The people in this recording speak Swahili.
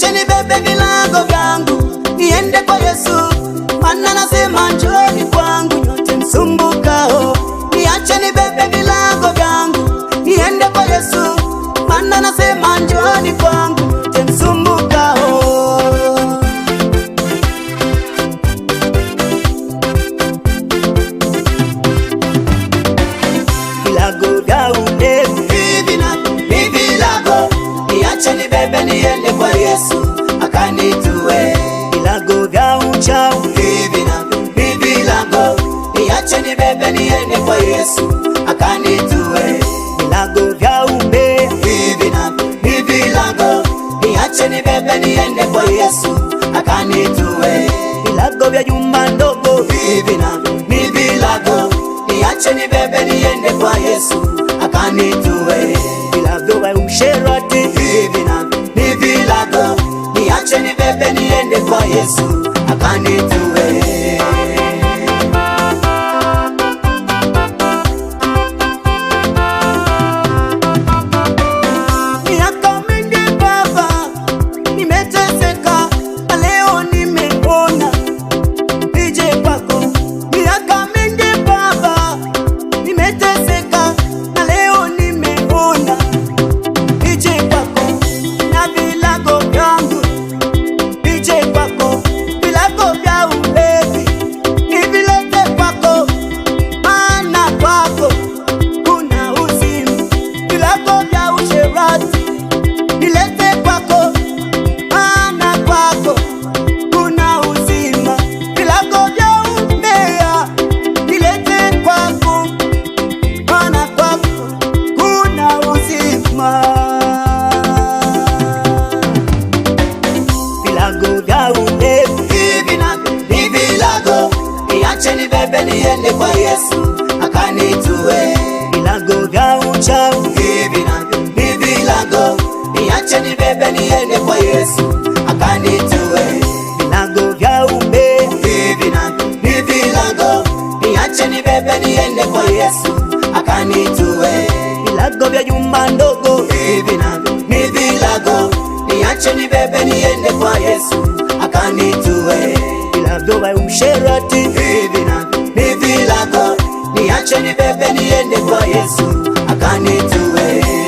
Niacheni bebe vilago vyangu niende kwa Yesu, maana nasema njoni kwangu nyote msumbukao. Niacheni bebe vilago vyangu niende kwa Yesu, maana nasema njoni kwangu Niache nibebe niende kwa Yesu akanitue Ilago na bibi gauchau bibilago niache nibebe niende kwa Yesu akanitue Ilago na bibi gaube bibilago niache nibebe niende kwa Yesu akanitue Ilago vya jumba ndogo na bibi bibilago niache nibebe niende kwa Yesu akanitue niende kwa do it. rasi, nilete kwako, maana kwako kuna uzima, vya umea, nilete kwako, maana kwako kuna uzima, vya nibebe niende kwa Yesu akanitue, vya uchafu niache nibebe niende kwa Yesu akanitoe. Vilango vya umbe ni vilango, niache nibebe niende kwa Yesu akanitoe. Vilango vya nyumba ndogo ni vilango, niache nibebe niende kwa Yesu akanitoe. Vilango vya umsherati ni vilango, niache nibebe niende kwa Yesu akanitoe.